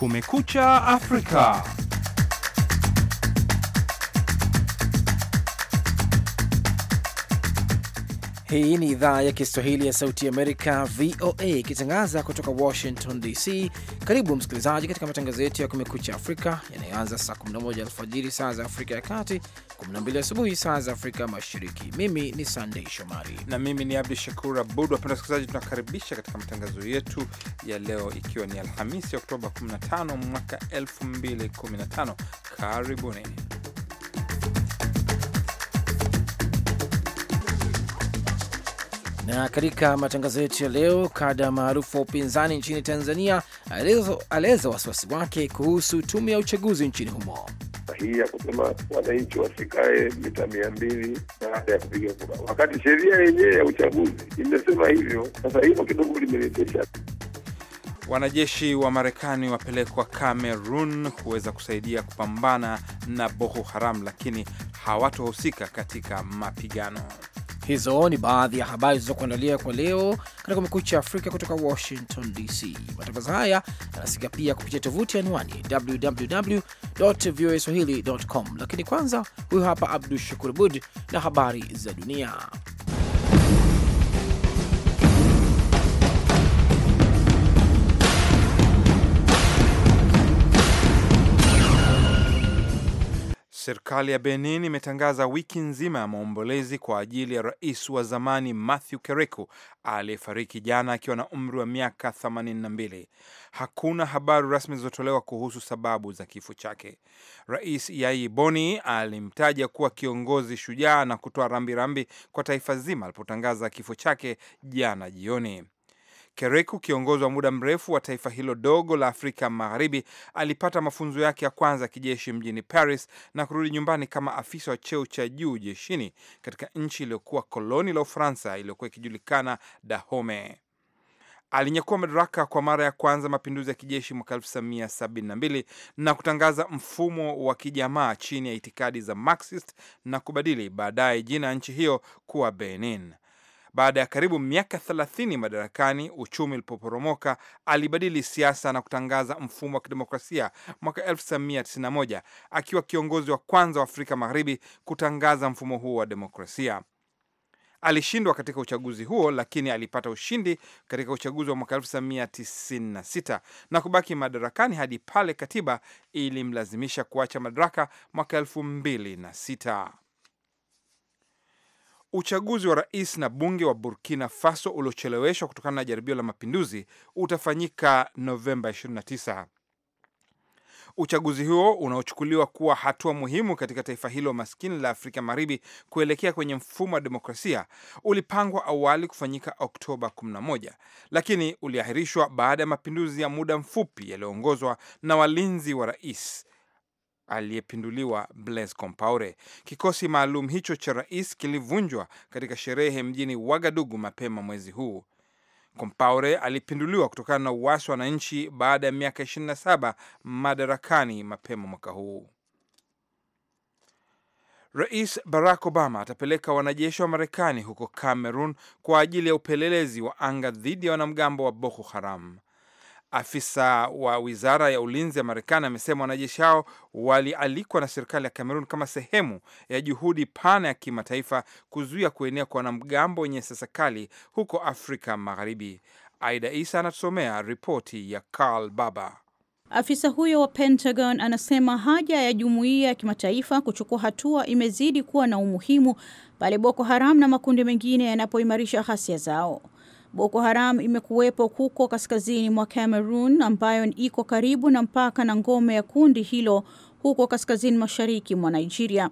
Kumekucha Afrika. Hii ni idhaa ya Kiswahili ya Sauti Amerika, VOA, ikitangaza kutoka Washington DC. Karibu msikilizaji katika matangazo yetu ya Kumekucha Afrika yanayoanza saa 11 alfajiri saa za Afrika ya Kati, 12 asubuhi saa za Afrika Mashariki. Mimi ni Sandei Shomari na mimi ni Abdu Shakur Abud. Wapenda wasikilizaji, tunakaribisha katika matangazo yetu ya leo, ikiwa ni Alhamisi Oktoba 15 mwaka 2015. Karibuni. Na katika matangazo yetu ya leo, kada maarufu wa upinzani nchini Tanzania aeleza wasiwasi wake kuhusu tume ya uchaguzi nchini humo. Hii ya kusema wananchi wasikae mita mia mbili baada ya kupiga kura, wakati sheria yenyewe ya uchaguzi imesema hivyo. Sasa hilo kidogo limeretesha. Wanajeshi wa Marekani wapelekwa Kamerun kuweza kusaidia kupambana na Boko Haram, lakini hawatohusika katika mapigano. Hizo ni baadhi ya habari zilizokuandalia kwa leo katika Kumekucha Afrika kutoka Washington DC. Matangazo haya yanasikika pia kupitia tovuti anwani www voa swahili com, lakini kwanza, huyu hapa Abdu Shakur Abud na habari za dunia. Serikali ya Benin imetangaza wiki nzima ya maombolezi kwa ajili ya rais wa zamani Matthew kereku aliyefariki jana akiwa na umri wa miaka 82. Hakuna habari rasmi zilizotolewa kuhusu sababu za kifo chake. Rais Yai Boni alimtaja kuwa kiongozi shujaa na kutoa rambirambi kwa taifa zima alipotangaza kifo chake jana jioni. Kereku, kiongozi wa muda mrefu wa taifa hilo dogo la Afrika Magharibi, alipata mafunzo yake ya kwanza ya kijeshi mjini Paris na kurudi nyumbani kama afisa wa cheo cha juu jeshini katika nchi iliyokuwa koloni la Ufaransa iliyokuwa ikijulikana Dahome. Alinyakua madaraka kwa mara ya kwanza mapinduzi ya kijeshi mwaka 1972 na kutangaza mfumo wa kijamaa chini ya itikadi za Marxist na kubadili baadaye jina ya nchi hiyo kuwa Benin. Baada ya karibu miaka 30 madarakani, uchumi ulipoporomoka, alibadili siasa na kutangaza mfumo wa kidemokrasia mwaka 1991 akiwa kiongozi wa kwanza wa Afrika Magharibi kutangaza mfumo huo wa demokrasia. Alishindwa katika uchaguzi huo, lakini alipata ushindi katika uchaguzi wa mwaka 1996 na kubaki madarakani hadi pale katiba ilimlazimisha kuacha madaraka mwaka 2006. Uchaguzi wa rais na bunge wa Burkina Faso uliocheleweshwa kutokana na jaribio la mapinduzi utafanyika Novemba 29. Uchaguzi huo unaochukuliwa kuwa hatua muhimu katika taifa hilo maskini la Afrika Magharibi kuelekea kwenye mfumo wa demokrasia ulipangwa awali kufanyika Oktoba 11, lakini uliahirishwa baada ya mapinduzi ya muda mfupi yaliyoongozwa na walinzi wa rais aliyepinduliwa Blaise Compaore. Kikosi maalum hicho cha rais kilivunjwa katika sherehe mjini Wagadugu mapema mwezi huu. Compaore alipinduliwa kutokana na uasi wa wananchi baada ya miaka 27 madarakani mapema mwaka huu. Rais Barack Obama atapeleka wanajeshi wa Marekani huko Cameroon kwa ajili ya upelelezi wa anga dhidi ya wanamgambo wa Boko Haram. Afisa wa wizara ya ulinzi ya Marekani amesema wanajeshi hao walialikwa na serikali ya Kamerun kama sehemu ya juhudi pana ya kimataifa kuzuia kuenea kwa wanamgambo wenye siasa kali huko Afrika Magharibi. Aida Isa anatusomea ripoti ya Karl Baba. Afisa huyo wa Pentagon anasema haja ya jumuiya ya kimataifa kuchukua hatua imezidi kuwa na umuhimu pale Boko Haram na makundi mengine yanapoimarisha ghasia zao. Boko Haram imekuwepo huko kaskazini mwa Cameroon ambayo iko karibu na mpaka na ngome ya kundi hilo huko kaskazini mashariki mwa Nigeria.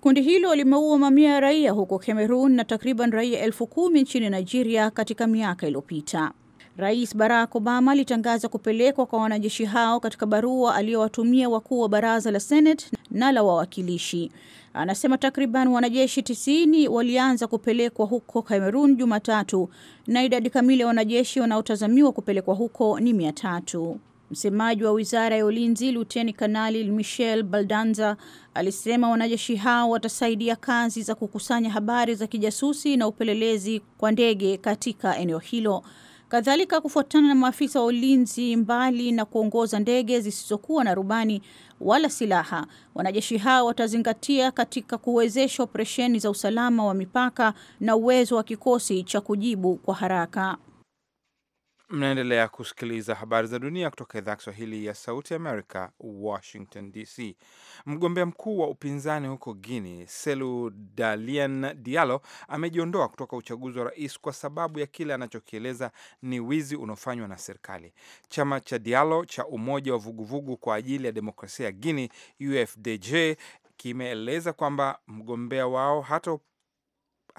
Kundi hilo limeua mamia ya raia huko Cameroon na takriban raia elfu kumi nchini Nigeria katika miaka iliyopita. Rais Barack Obama alitangaza kupelekwa kwa wanajeshi hao katika barua aliyowatumia wakuu wa baraza la Senate na la wawakilishi. Anasema takriban wanajeshi 90 walianza kupelekwa huko cameron Jumatatu na idadi kamili ya wanajeshi wanaotazamiwa kupelekwa huko ni mia tatu. Msemaji wa wizara ya ulinzi luteni kanali Michel Baldanza alisema wanajeshi hao watasaidia kazi za kukusanya habari za kijasusi na upelelezi kwa ndege katika eneo hilo. Kadhalika, kufuatana na maafisa wa ulinzi, mbali na kuongoza ndege zisizokuwa na rubani wala silaha, wanajeshi hao watazingatia katika kuwezesha operesheni za usalama wa mipaka na uwezo wa kikosi cha kujibu kwa haraka. Mnaendelea kusikiliza habari za dunia kutoka idhaa ya Kiswahili ya Sauti Amerika, Washington DC. Mgombea mkuu wa upinzani huko Guinea, Selu Dalian dialo amejiondoa kutoka uchaguzi wa rais kwa sababu ya kile anachokieleza ni wizi unaofanywa na serikali. Chama cha dialo cha Umoja wa Vuguvugu kwa ajili ya Demokrasia ya Guinea, UFDJ, kimeeleza kwamba mgombea wao hata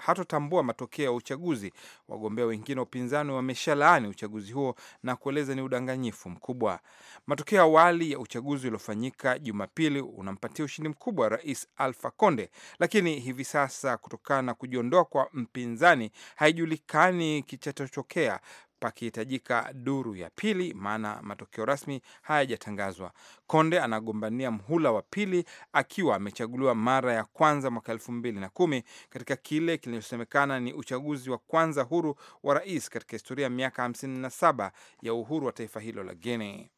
hatotambua matokeo ya uchaguzi. Wagombea wengine wa upinzani wameshalaani uchaguzi huo na kueleza ni udanganyifu mkubwa. Matokeo ya awali ya uchaguzi uliofanyika Jumapili unampatia ushindi mkubwa Rais alfa Conde, lakini hivi sasa kutokana na kujiondoa kwa mpinzani haijulikani kichachotokea pakihitajika duru ya pili, maana matokeo rasmi hayajatangazwa. Konde anagombania mhula wa pili akiwa amechaguliwa mara ya kwanza mwaka elfu mbili na kumi katika kile kinachosemekana ni uchaguzi wa kwanza huru wa rais katika historia ya miaka saba ya uhuru wa taifa hilo la Guinea.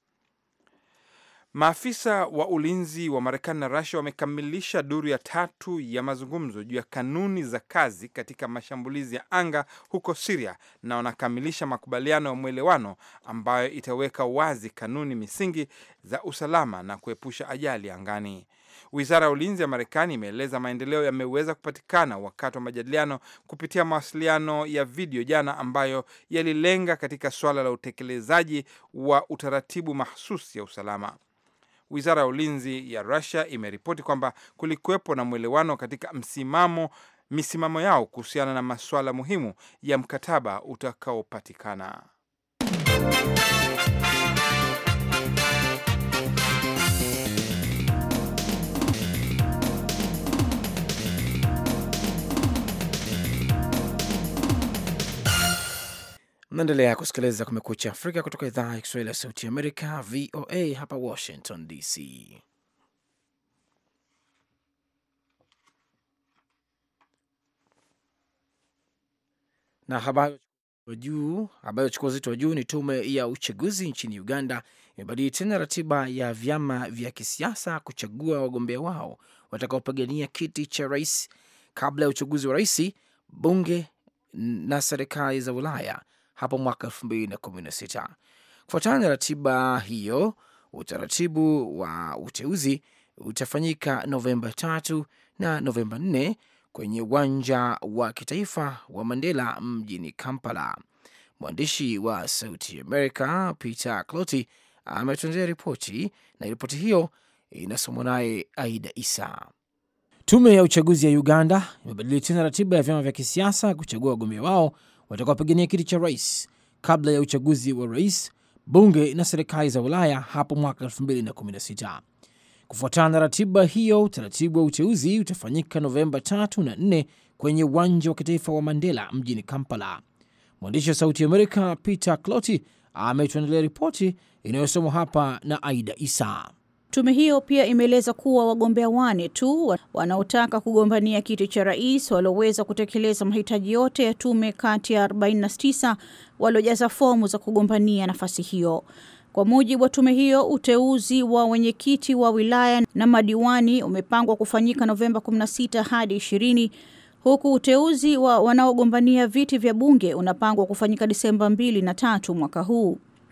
Maafisa wa ulinzi wa Marekani na Rusia wamekamilisha duru ya tatu ya mazungumzo juu ya kanuni za kazi katika mashambulizi ya anga huko Siria na wanakamilisha makubaliano ya mwelewano ambayo itaweka wazi kanuni misingi za usalama na kuepusha ajali angani. Wizara ya ulinzi ya Marekani imeeleza maendeleo yameweza kupatikana wakati wa majadiliano kupitia mawasiliano ya video jana, ambayo yalilenga katika suala la utekelezaji wa utaratibu mahsusi ya usalama. Wizara ya ulinzi ya Rusia imeripoti kwamba kulikuwepo na mwelewano katika msimamo misimamo yao kuhusiana na masuala muhimu ya mkataba utakaopatikana. naendelea kusikiliza Kumekucha Afrika kutoka idhaa ya Kiswahili ya Sauti Amerika, VOA hapa Washington DC. Na habari chukua uzito wa juu ni tume ya uchaguzi nchini Uganda imebadili tena ratiba ya vyama vya kisiasa kuchagua wagombea wao watakaopigania kiti cha rais kabla ya uchaguzi wa rais, bunge na serikali za wilaya hapo mwaka 2016. Kufuatana na ratiba hiyo, utaratibu wa uteuzi utafanyika Novemba 3 na Novemba 4 kwenye uwanja wa kitaifa wa Mandela mjini Kampala. Mwandishi wa Sauti Amerika Peter Cloti ametuandalia ripoti na ripoti hiyo inasomwa naye Aida Isa. Tume ya uchaguzi ya Uganda imebadili tena ratiba ya vyama vya kisiasa kuchagua wagombea wao watakaopigania kiti cha rais kabla ya uchaguzi wa rais, bunge na serikali za Ulaya hapo mwaka 2016. Kufuatana na ratiba hiyo, utaratibu wa uteuzi utafanyika Novemba 3 na 4 kwenye uwanja wa kitaifa wa Mandela mjini Kampala. Mwandishi wa Sauti Amerika Peter Cloti ametuandalia ripoti inayosomwa hapa na Aida Isa. Tume hiyo pia imeeleza kuwa wagombea wane tu wanaotaka kugombania kiti cha rais walioweza kutekeleza mahitaji yote ya tume kati ya 49 waliojaza fomu za kugombania nafasi hiyo. Kwa mujibu wa tume hiyo, uteuzi wa wenyekiti wa wilaya na madiwani umepangwa kufanyika Novemba 16 hadi 20 huku uteuzi wa wanaogombania viti vya bunge unapangwa kufanyika Disemba 2 na 3 mwaka huu.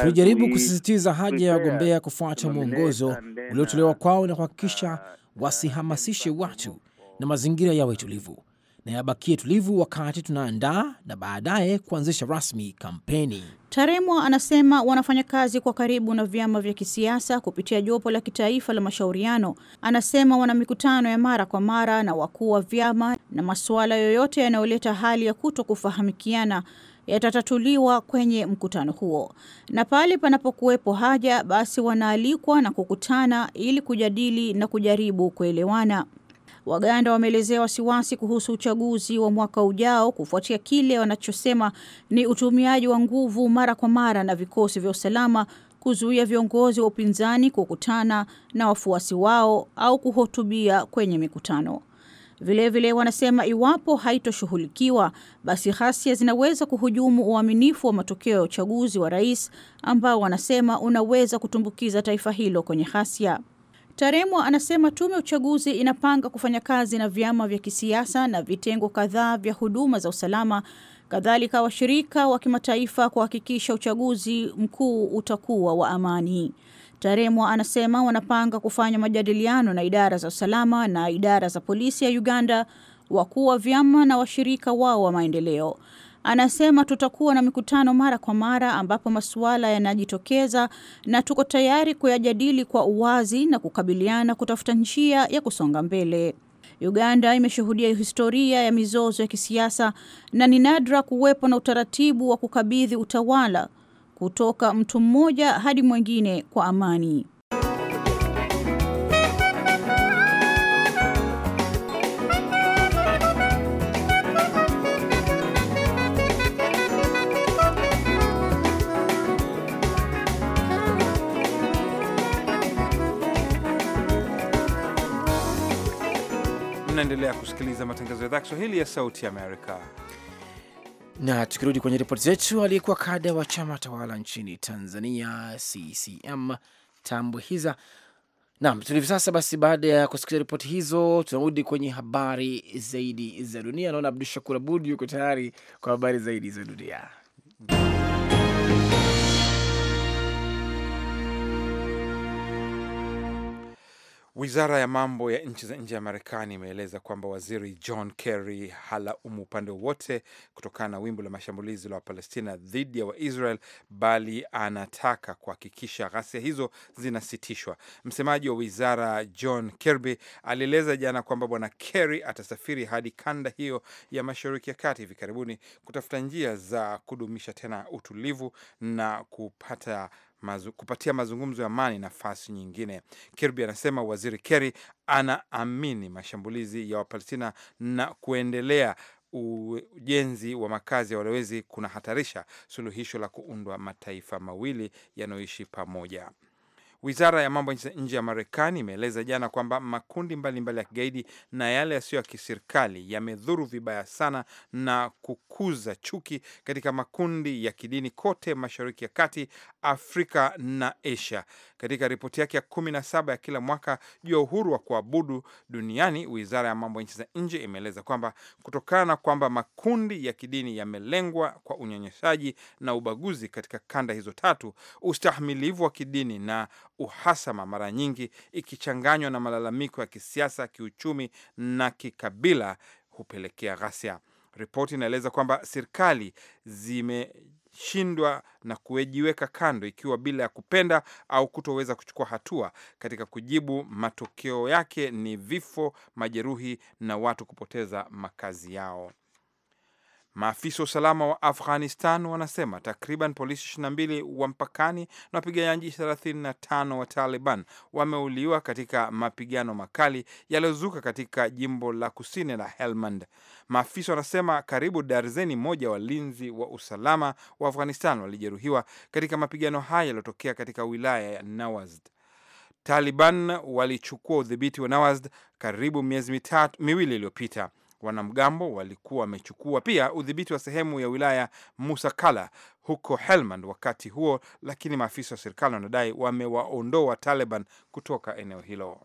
Tulijaribu kusisitiza haja ya wagombea kufuata mwongozo uliotolewa kwao na kuhakikisha uh, wasihamasishe watu na mazingira yawe tulivu na yabakie tulivu wakati tunaandaa na baadaye kuanzisha rasmi kampeni. Taremwa anasema wanafanya kazi kwa karibu na vyama vya kisiasa kupitia jopo la kitaifa la mashauriano. Anasema wana mikutano ya mara kwa mara na wakuu wa vyama na masuala yoyote yanayoleta hali ya kuto kufahamikiana yatatatuliwa kwenye mkutano huo, na pale panapokuwepo haja, basi wanaalikwa na kukutana ili kujadili na kujaribu kuelewana. Waganda wameelezea wasiwasi kuhusu uchaguzi wa mwaka ujao kufuatia kile wanachosema ni utumiaji wa nguvu mara kwa mara na vikosi vya usalama kuzuia viongozi wa upinzani kukutana na wafuasi wao au kuhutubia kwenye mikutano. Vilevile vile wanasema iwapo haitoshughulikiwa basi ghasia zinaweza kuhujumu uaminifu wa matokeo ya uchaguzi wa rais ambao wanasema unaweza kutumbukiza taifa hilo kwenye ghasia. Taremwa anasema tume ya uchaguzi inapanga kufanya kazi na vyama vya kisiasa na vitengo kadhaa vya huduma za usalama, kadhalika washirika wa kimataifa kuhakikisha uchaguzi mkuu utakuwa wa amani. Taremwa anasema wanapanga kufanya majadiliano na idara za usalama na idara za polisi ya Uganda, wakuu wa vyama na washirika wao wa maendeleo. Anasema tutakuwa na mikutano mara kwa mara ambapo masuala yanajitokeza na tuko tayari kuyajadili kwa uwazi na kukabiliana kutafuta njia ya kusonga mbele. Uganda imeshuhudia historia ya mizozo ya kisiasa na ni nadra kuwepo na utaratibu wa kukabidhi utawala kutoka mtu mmoja hadi mwingine kwa amani. Mnaendelea kusikiliza matangazo ya idhaa Kiswahili ya Sauti Amerika. Na tukirudi kwenye ripoti zetu, aliyekuwa kada wa chama tawala nchini Tanzania CCM Tambwe Hiza. Naam, tulivyo sasa basi, baada ya kusikiliza ripoti hizo, tunarudi kwenye habari zaidi za dunia. Naona Abdu Shakur Abud yuko tayari kwa habari zaidi za dunia. Wizara ya mambo ya nchi za nje ya Marekani imeeleza kwamba waziri John Kerry halaumu upande wowote kutokana na wimbo la mashambulizi la Wapalestina dhidi ya Waisrael, bali anataka kuhakikisha ghasia hizo zinasitishwa. Msemaji wa wizara John Kirby alieleza jana kwamba Bwana Kerry atasafiri hadi kanda hiyo ya Mashariki ya Kati hivi karibuni kutafuta njia za kudumisha tena utulivu na kupata mazu, kupatia mazungumzo ya amani nafasi nyingine. Kirby anasema waziri Kerry anaamini mashambulizi ya Wapalestina na kuendelea ujenzi wa makazi ya walowezi kunahatarisha suluhisho la kuundwa mataifa mawili yanayoishi pamoja. Wizara ya mambo nje ya Marekani imeeleza jana kwamba makundi mbalimbali mbali ya kigaidi na yale yasiyo ya kiserikali yamedhuru vibaya sana na kukuza chuki katika makundi ya kidini kote Mashariki ya Kati, Afrika na Asia. Katika ripoti yake ya kumi na saba ya kila mwaka juu ya uhuru wa kuabudu duniani, wizara ya mambo nchi za nje imeeleza kwamba kutokana na kwamba makundi ya kidini yamelengwa kwa unyonyeshaji na ubaguzi katika kanda hizo tatu, ustahimilivu wa kidini na uhasama, mara nyingi ikichanganywa na malalamiko ya kisiasa, kiuchumi na kikabila, hupelekea ghasia. Ripoti inaeleza kwamba serikali zimeshindwa na kujiweka kando, ikiwa bila ya kupenda au kutoweza kuchukua hatua katika kujibu. Matokeo yake ni vifo, majeruhi na watu kupoteza makazi yao. Maafisa wa usalama wa Afghanistan wanasema takriban polisi 22 wa mpakani na wapiganaji 35 wa Taliban wameuliwa katika mapigano makali yaliyozuka katika jimbo la kusini la Helmand. Maafisa wanasema karibu darzeni moja walinzi wa usalama wa Afghanistan walijeruhiwa katika mapigano haya yaliyotokea katika wilaya ya Nawazd. Taliban walichukua udhibiti wa Nawazd karibu miezi mitatu miwili iliyopita. Wanamgambo walikuwa wamechukua pia udhibiti wa sehemu ya wilaya Musakala huko Helmand wakati huo, lakini maafisa wa serikali wanadai wamewaondoa Taliban kutoka eneo hilo.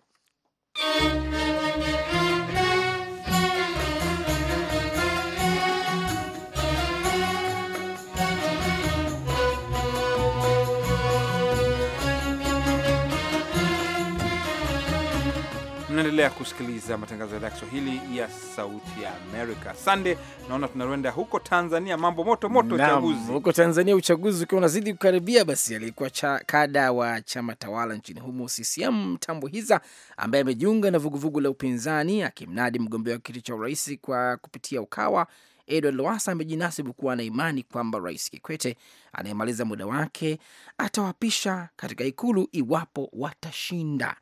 Unaendelea kusikiliza matangazo ya idhaa Kiswahili ya Sauti ya Amerika. Sande, naona tunarwenda huko Tanzania, mambo moto moto, uchaguzi huko Tanzania, uchaguzi ukiwa unazidi kukaribia. Basi aliyekuwa kada wa chama tawala nchini humo CCM tambo hiza ambaye amejiunga na vuguvugu la upinzani akimnadi mgombea wa kiti cha urais kwa kupitia Ukawa Edward Lowasa amejinasibu kuwa na imani kwamba Rais Kikwete anayemaliza muda wake atawapisha katika Ikulu iwapo watashinda.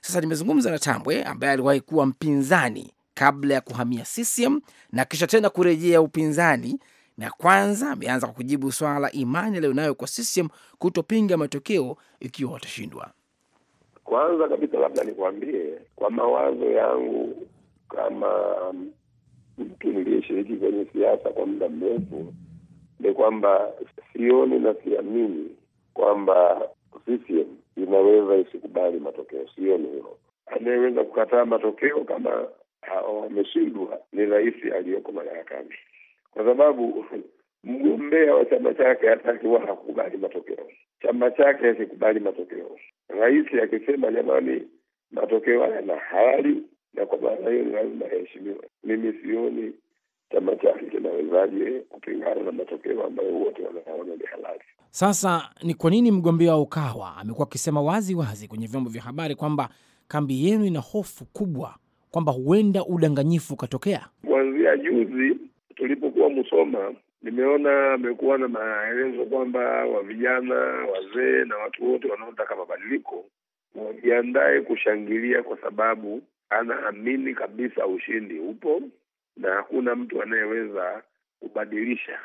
Sasa nimezungumza na Tambwe ambaye aliwahi kuwa mpinzani kabla ya kuhamia CCM na kisha tena kurejea upinzani, na kwanza ameanza kwa kujibu swala la imani aliyonayo kwa CCM kutopinga matokeo ikiwa watashindwa. Kwanza kabisa, labda nikuambie kwa mawazo yangu kama mtu niliyeshiriki kwenye siasa kwa muda mrefu ni kwamba sioni na siamini kwamba CCM inaweza isikubali matokeo. ni hilo. Anayeweza kukataa matokeo kama wameshindwa ni rais aliyoko madarakani, kwa sababu mgombea wa chama chake hatakiwa hakubali matokeo. Chama chake hakikubali matokeo. Rais akisema jamani, matokeo haya na halali na kwa maana hiyo ni lazima yaheshimiwe. Mimi sioni chama chake kinawezaje kupingana na matokeo ambayo wote wanaona ni halali. Sasa ni kwa nini mgombea wa Ukawa amekuwa akisema wazi wazi kwenye vyombo vya habari kwamba kambi yenu ina hofu kubwa kwamba huenda udanganyifu ukatokea? Kuanzia juzi tulipokuwa Musoma, nimeona amekuwa na maelezo kwamba wa vijana, wazee na watu wote wanaotaka mabadiliko wajiandaye kushangilia, kwa sababu anaamini kabisa ushindi upo na hakuna mtu anayeweza kubadilisha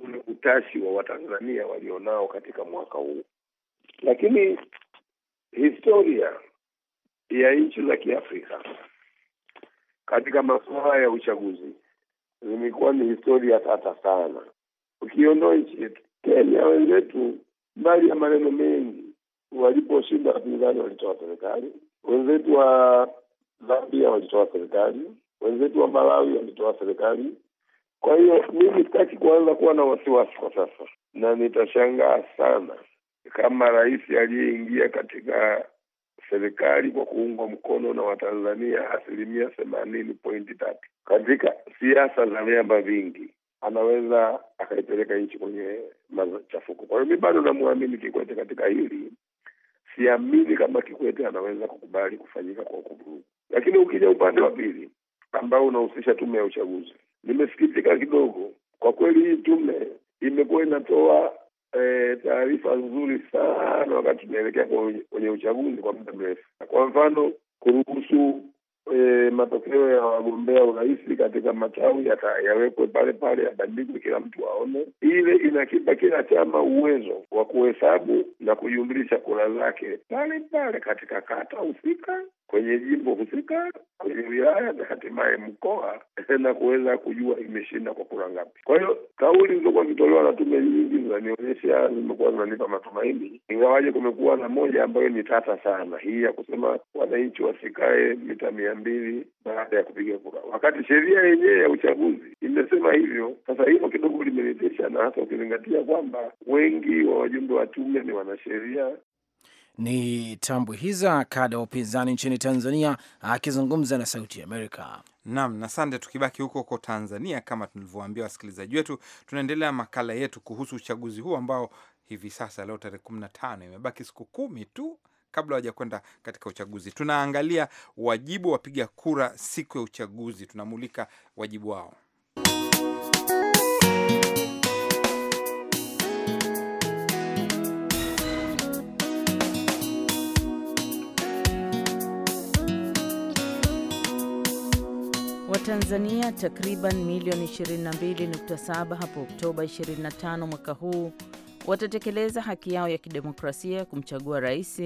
ule utashi wa Watanzania walionao katika mwaka huu. Lakini historia ya nchi za Kiafrika katika masuala ya uchaguzi zimekuwa ni historia tata sana. Ukiondoa nchi yetu Kenya, wenzetu mbali ya maneno mengi, waliposhinda wapinzani walitoa serikali, wenzetu wa Zambia walitoa serikali, wenzetu wa Malawi walitoa serikali, kwa hiyo mimi sitaki kuanza kuwa na wasiwasi kwa sasa, na nitashangaa sana kama rais aliyeingia katika serikali kwa kuungwa mkono na Watanzania asilimia themanini pointi tatu katika siasa za vyama vingi anaweza akaipeleka nchi kwenye machafuko. Kwa hiyo mi bado namwamini Kikwete katika hili, siamini kama Kikwete anaweza kukubali kufanyika kwa kuvurugu. Lakini ukija upande wa pili ambao unahusisha tume ya uchaguzi, Nimesikitika kidogo kwa kweli. Hii tume imekuwa inatoa e, taarifa nzuri sana wakati tunaelekea kwenye uchaguzi kwa muda mrefu. Kwa mfano, kuruhusu e, matokeo ya wagombea urais katika matawi yawekwe pale pale, yabandikwe, kila mtu aone. Ile inakipa kila chama uwezo wa kuhesabu na kujumlisha kura zake pale pale katika kata husika kwenye jimbo husika, kwenye wilaya na hatimaye mkoa, na kuweza kujua imeshinda kwa kura ngapi. Kwa hiyo kauli zilizokuwa zikitolewa na tume nyingi zinanionyesha, zimekuwa zinanipa matumaini, ingawaje kumekuwa na moja ambayo ni tata sana, hii ya kusema wananchi wasikae mita mia mbili baada ya kupiga kura, wakati sheria yenyewe ya uchaguzi imesema hivyo. Sasa hilo kidogo limenitisha, na hasa ukizingatia kwamba wengi wa wajumbe wa tume ni wanasheria ni hiza kada wa upinzani nchini Tanzania akizungumza na Sauti ya Amerika. Nam na sande. Tukibaki huko huko Tanzania, kama tulivyoambia wasikilizaji wetu, tunaendelea makala yetu kuhusu uchaguzi huu ambao hivi sasa leo tarehe kumi na tano imebaki siku kumi tu kabla hawajakwenda katika uchaguzi. Tunaangalia wajibu wapiga kura siku ya uchaguzi, tunamulika wajibu wao. Tanzania takriban milioni 22.7 hapo Oktoba 25 mwaka huu watatekeleza haki yao ya kidemokrasia kumchagua rais,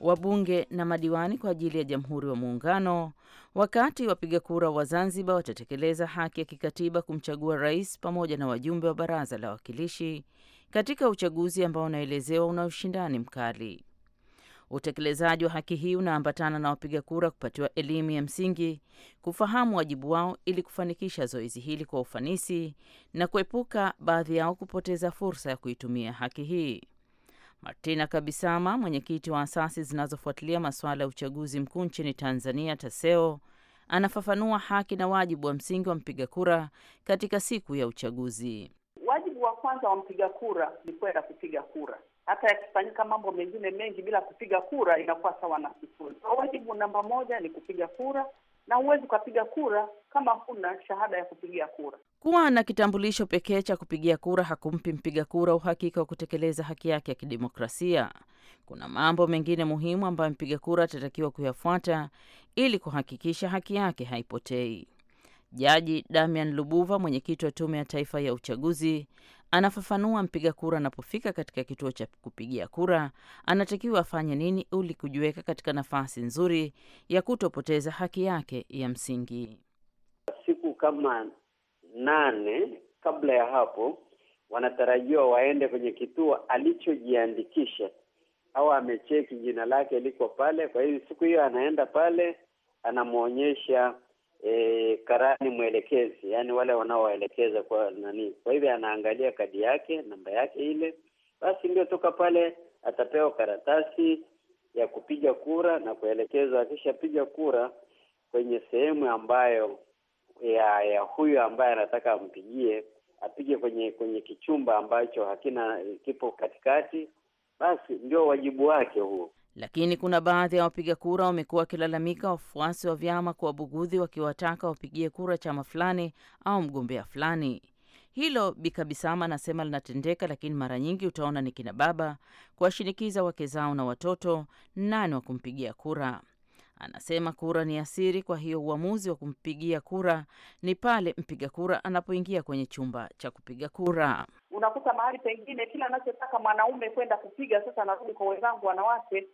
wabunge na madiwani kwa ajili ya Jamhuri wa Muungano, wakati wapiga kura wa Zanzibar watatekeleza haki ya kikatiba kumchagua rais pamoja na wajumbe wa Baraza la Wawakilishi katika uchaguzi ambao unaelezewa una ushindani mkali. Utekelezaji wa haki hii unaambatana na wapiga kura kupatiwa elimu ya msingi, kufahamu wajibu wao ili kufanikisha zoezi hili kwa ufanisi na kuepuka baadhi yao kupoteza fursa ya kuitumia haki hii. Martina Kabisama, mwenyekiti wa asasi zinazofuatilia masuala ya uchaguzi mkuu nchini Tanzania, TASEO, anafafanua haki na wajibu wa msingi wa mpiga kura katika siku ya uchaguzi. Wajibu wa kwanza wa mpiga kura ni kwenda kupiga kura hata yakifanyika mambo mengine mengi bila kupiga kura inakuwa sawa na sifuri. Kwa wajibu namba moja ni kupiga kura, na huwezi ukapiga kura kama huna shahada ya kupigia kura. Kuwa na kitambulisho pekee cha kupigia kura hakumpi mpiga kura uhakika wa kutekeleza haki yake ya kidemokrasia. Kuna mambo mengine muhimu ambayo mpiga kura atatakiwa kuyafuata ili kuhakikisha haki yake haipotei. Jaji Damian Lubuva, mwenyekiti wa Tume ya Taifa ya Uchaguzi, Anafafanua mpiga kura anapofika katika kituo cha kupigia kura anatakiwa afanye nini ili kujiweka katika nafasi nzuri ya kutopoteza haki yake ya msingi. Siku kama nane kabla ya hapo, wanatarajiwa waende kwenye kituo alichojiandikisha au amecheki jina lake liko pale. Kwa hiyo siku hiyo anaenda pale, anamwonyesha e, karani mwelekezi, yani wale wanaowaelekeza kwa nani. Kwa hivyo anaangalia kadi yake, namba yake ile, basi ndio toka pale atapewa karatasi ya kupiga kura na kuelekezwa, akishapiga kura kwenye sehemu ambayo ya, ya huyo ambaye anataka ampigie, apige kwenye kwenye kichumba ambacho hakina kipo katikati, basi ndio wajibu wake huo. Lakini kuna baadhi ya wapiga kura wamekuwa wakilalamika wafuasi wa vyama wabugudhi wakiwataka wapigie kura chama fulani au mgombea fulani. Hilo Bikabisama anasema linatendeka, lakini mara nyingi utaona ni kina baba kuwashinikiza wake zao na watoto nani wa kumpigia kura. Anasema kura ni asiri, kwa hiyo uamuzi wa kumpigia kura ni pale mpiga kura anapoingia kwenye chumba cha kupiga kura. Unakuta mahali pengine kila anachotaka mwanaume kwenda kupiga, sasa anarudi kwa wenzangu wanawake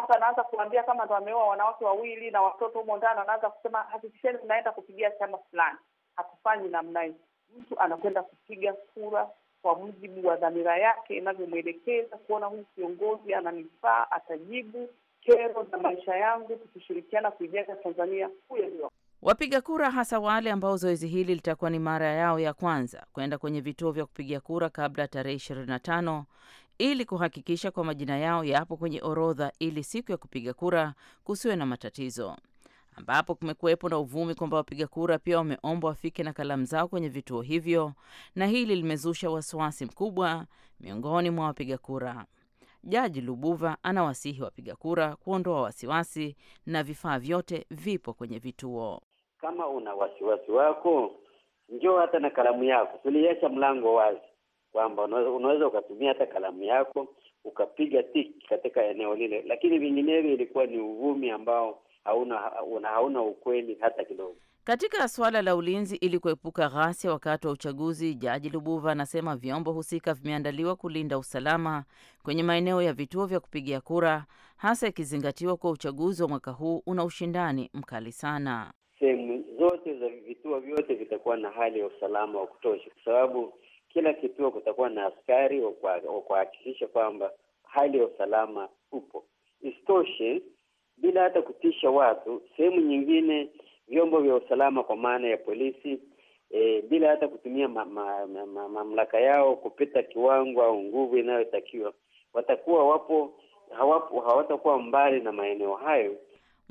basi anaanza kuambia kama ndo ameoa wanawake wawili na watoto humo ndani, anaanza kusema hakikisheni mnaenda kupigia chama fulani. Hakufanyi namna hii, mtu anakwenda kupiga kura kwa mujibu wa dhamira yake inavyomwelekeza, kuona huyu kiongozi ananifaa, atajibu kero za maisha yangu, tukishirikiana kuijenga Tanzania. Huyo ndio wapiga kura, hasa wale ambao zoezi hili litakuwa ni mara yao ya kwanza kwenda kwenye vituo vya kupiga kura kabla ya tarehe ishirini na tano ili kuhakikisha kwa majina yao yapo kwenye orodha ili siku ya kupiga kura kusiwe na matatizo, ambapo kumekuwepo na uvumi kwamba wapiga kura pia wameombwa wafike na kalamu zao kwenye vituo hivyo, na hili limezusha wasiwasi mkubwa miongoni mwa wapiga kura. Jaji Lubuva anawasihi wapiga kura kuondoa wasiwasi na vifaa vyote vipo kwenye vituo. Kama una wasiwasi wako, njoo hata na kalamu yako, tuliacha mlango wazi kwamba unaweza ukatumia hata kalamu yako ukapiga tiki katika eneo lile, lakini vinginevyo ilikuwa ni uvumi ambao hauna, hauna, hauna ukweli hata kidogo. Katika suala la ulinzi ili kuepuka ghasia wakati wa uchaguzi, Jaji Lubuva anasema vyombo husika vimeandaliwa kulinda usalama kwenye maeneo ya vituo vya kupigia kura, hasa ikizingatiwa kuwa uchaguzi wa mwaka huu una ushindani mkali sana. Sehemu zote za vituo vyote vitakuwa na hali ya usalama wa kutosha, kwa sababu kila kituo kutakuwa na askari wa kuhakikisha kwamba hali ya usalama upo. Isitoshe, bila hata kutisha watu, sehemu nyingine vyombo vya usalama kwa maana ya polisi e, bila hata kutumia mamlaka ma, ma, ma, ma, yao kupita kiwango au nguvu inayotakiwa, watakuwa wapo hawapo, hawatakuwa mbali na maeneo hayo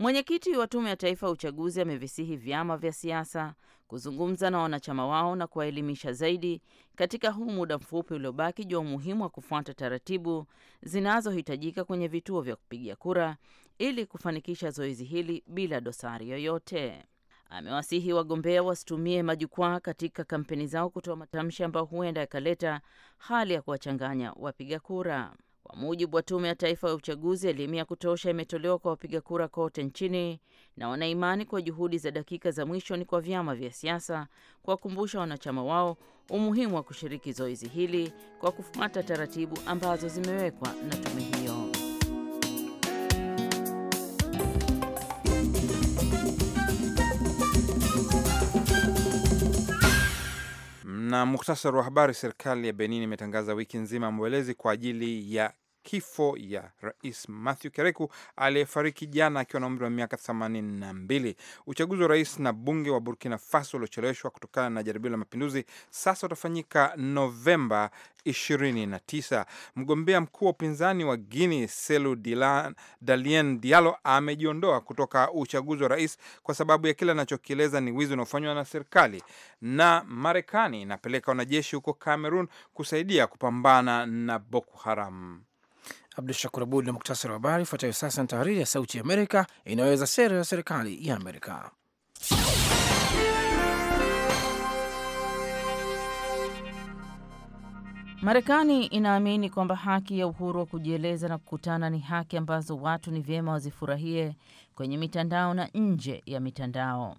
Mwenyekiti wa Tume ya Taifa ya Uchaguzi amevisihi vyama vya siasa kuzungumza na wanachama wao na kuwaelimisha zaidi katika huu muda mfupi uliobaki juu ya umuhimu wa kufuata taratibu zinazohitajika kwenye vituo vya kupiga kura ili kufanikisha zoezi hili bila dosari yoyote. Amewasihi wagombea wasitumie majukwaa katika kampeni zao kutoa matamshi ambayo huenda yakaleta hali ya kuwachanganya wapiga kura. Kwa mujibu wa Tume ya Taifa ya Uchaguzi, elimu ya kutosha imetolewa kwa wapiga kura kote nchini na wanaimani kwa juhudi za dakika za mwisho ni kwa vyama vya siasa kuwakumbusha wanachama wao umuhimu wa kushiriki zoezi hili kwa kufuata taratibu ambazo zimewekwa na tume hii. Na muhtasari wa habari. Serikali ya Benin imetangaza wiki nzima mwelezi kwa ajili ya kifo ya Rais Matthew Kereku aliyefariki jana akiwa na umri wa miaka 82. Uchaguzi wa rais na bunge wa Burkina Faso uliocheleweshwa kutokana na jaribio la mapinduzi sasa utafanyika Novemba 29. Mgombea mkuu wa upinzani wa guini Selu Dalien Dialo amejiondoa kutoka uchaguzi wa rais kwa sababu ya kile anachokieleza ni wizi unaofanywa na serikali. Na Marekani inapeleka wanajeshi huko Cameroon kusaidia kupambana na Boko Haram. Abdu Shakur Abud na muktasari wa habari. Ifuatayo sasa ni tahariri ya Sauti ya Amerika inayoweza sera ya serikali ya Amerika. Marekani inaamini kwamba haki ya uhuru wa kujieleza na kukutana ni haki ambazo watu ni vyema wazifurahie kwenye mitandao na nje ya mitandao.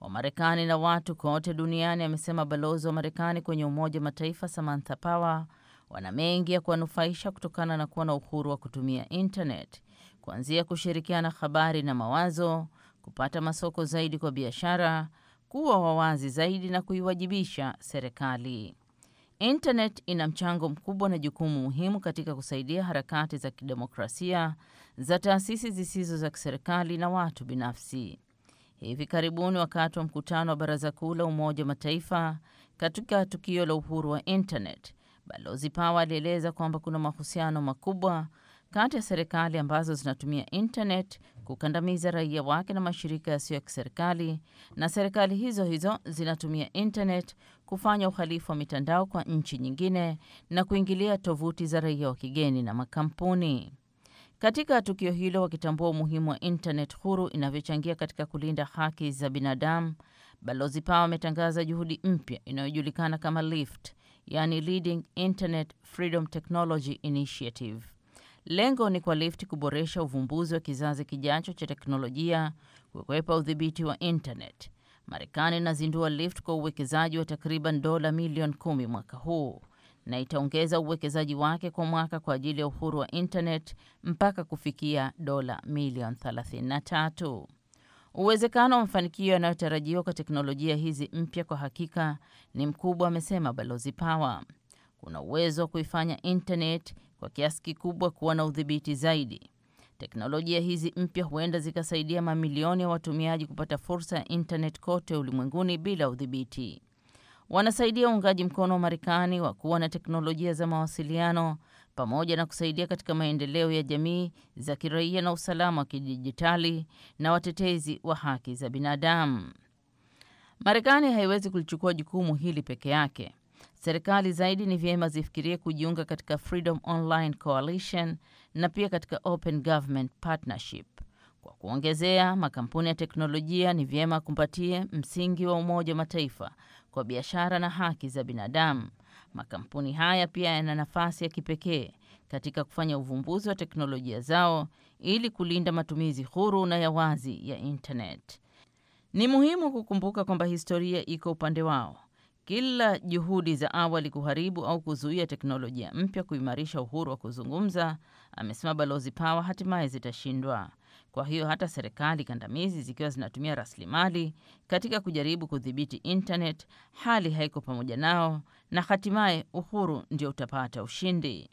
Wamarekani na watu kote duniani, amesema balozi wa Marekani kwenye Umoja wa Mataifa Samantha Power wana mengi ya kuwanufaisha kutokana na kuwa na uhuru wa kutumia intanet, kuanzia kushirikiana habari na mawazo, kupata masoko zaidi kwa biashara, kuwa wawazi zaidi na kuiwajibisha serikali. Intanet ina mchango mkubwa na jukumu muhimu katika kusaidia harakati za kidemokrasia za taasisi zisizo za kiserikali na watu binafsi. Hivi karibuni, wakati wa mkutano wa Baraza Kuu la Umoja wa Mataifa, katika tukio la uhuru wa intanet, Balozi Pawa alieleza kwamba kuna mahusiano makubwa kati ya serikali ambazo zinatumia internet kukandamiza raia wake na mashirika yasiyo ya kiserikali, na serikali hizo hizo zinatumia internet kufanya uhalifu wa mitandao kwa nchi nyingine na kuingilia tovuti za raia wa kigeni na makampuni. Katika tukio hilo, wakitambua umuhimu wa internet huru inavyochangia katika kulinda haki za binadamu, Balozi Pawa ametangaza juhudi mpya inayojulikana kama LIFT yani Leading Internet Freedom Technology Initiative. Lengo ni kwa LIFT kuboresha uvumbuzi wa kizazi kijacho cha teknolojia, kukwepa udhibiti wa internet. Marekani inazindua LIFT kwa uwekezaji wa takriban dola milioni kumi mwaka huu na itaongeza uwekezaji wake kwa mwaka kwa ajili ya uhuru wa internet mpaka kufikia dola milioni 33. Uwezekano wa mafanikio yanayotarajiwa kwa teknolojia hizi mpya kwa hakika ni mkubwa, amesema Balozi Pawa. Kuna uwezo wa kuifanya internet kwa kiasi kikubwa kuwa na udhibiti zaidi. Teknolojia hizi mpya huenda zikasaidia mamilioni ya watumiaji kupata fursa ya internet kote ulimwenguni bila udhibiti. Wanasaidia uungaji mkono wa Marekani wa kuwa na teknolojia za mawasiliano pamoja na kusaidia katika maendeleo ya jamii za kiraia na usalama wa kidijitali na watetezi wa haki za binadamu. Marekani haiwezi kulichukua jukumu hili peke yake. Serikali zaidi ni vyema zifikirie kujiunga katika Freedom Online Coalition na pia katika Open Government Partnership. Kwa kuongezea, makampuni ya teknolojia ni vyema kumpatie msingi wa Umoja wa Mataifa kwa biashara na haki za binadamu. Makampuni haya pia yana nafasi ya kipekee katika kufanya uvumbuzi wa teknolojia zao ili kulinda matumizi huru na ya wazi ya internet. Ni muhimu kukumbuka kwamba historia iko upande wao. Kila juhudi za awali kuharibu au kuzuia teknolojia mpya kuimarisha uhuru wa kuzungumza, amesema Balozi Power, hatimaye zitashindwa. Kwa hiyo hata serikali kandamizi zikiwa zinatumia rasilimali katika kujaribu kudhibiti internet, hali haiko pamoja nao na hatimaye uhuru ndio utapata ushindi.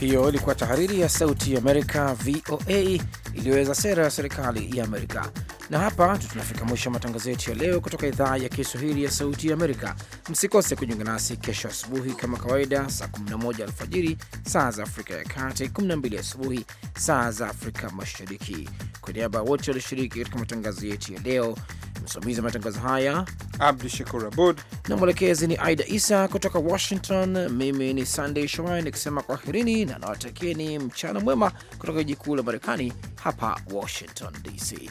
Hiyo ilikuwa tahariri ya Sauti ya Amerika, VOA, iliyoweza sera ya serikali ya Amerika. Na hapa tunafika mwisho wa matangazo yetu ya leo kutoka idhaa ya Kiswahili ya Sauti ya Amerika. Msikose kujiunga nasi kesho asubuhi kama kawaida, saa 11 alfajiri saa za Afrika ya Kati, 12 asubuhi saa za Afrika Mashariki. Kwa niaba ya wote walioshiriki katika matangazo yetu ya leo, msimamizi wa matangazo haya Abdu Shakur Abud na mwelekezi ni Aida Isa kutoka Washington. Mimi ni Sandey Shomari nikisema kwaherini na nawatakieni mchana mwema kutoka jiji kuu la Marekani, hapa Washington DC.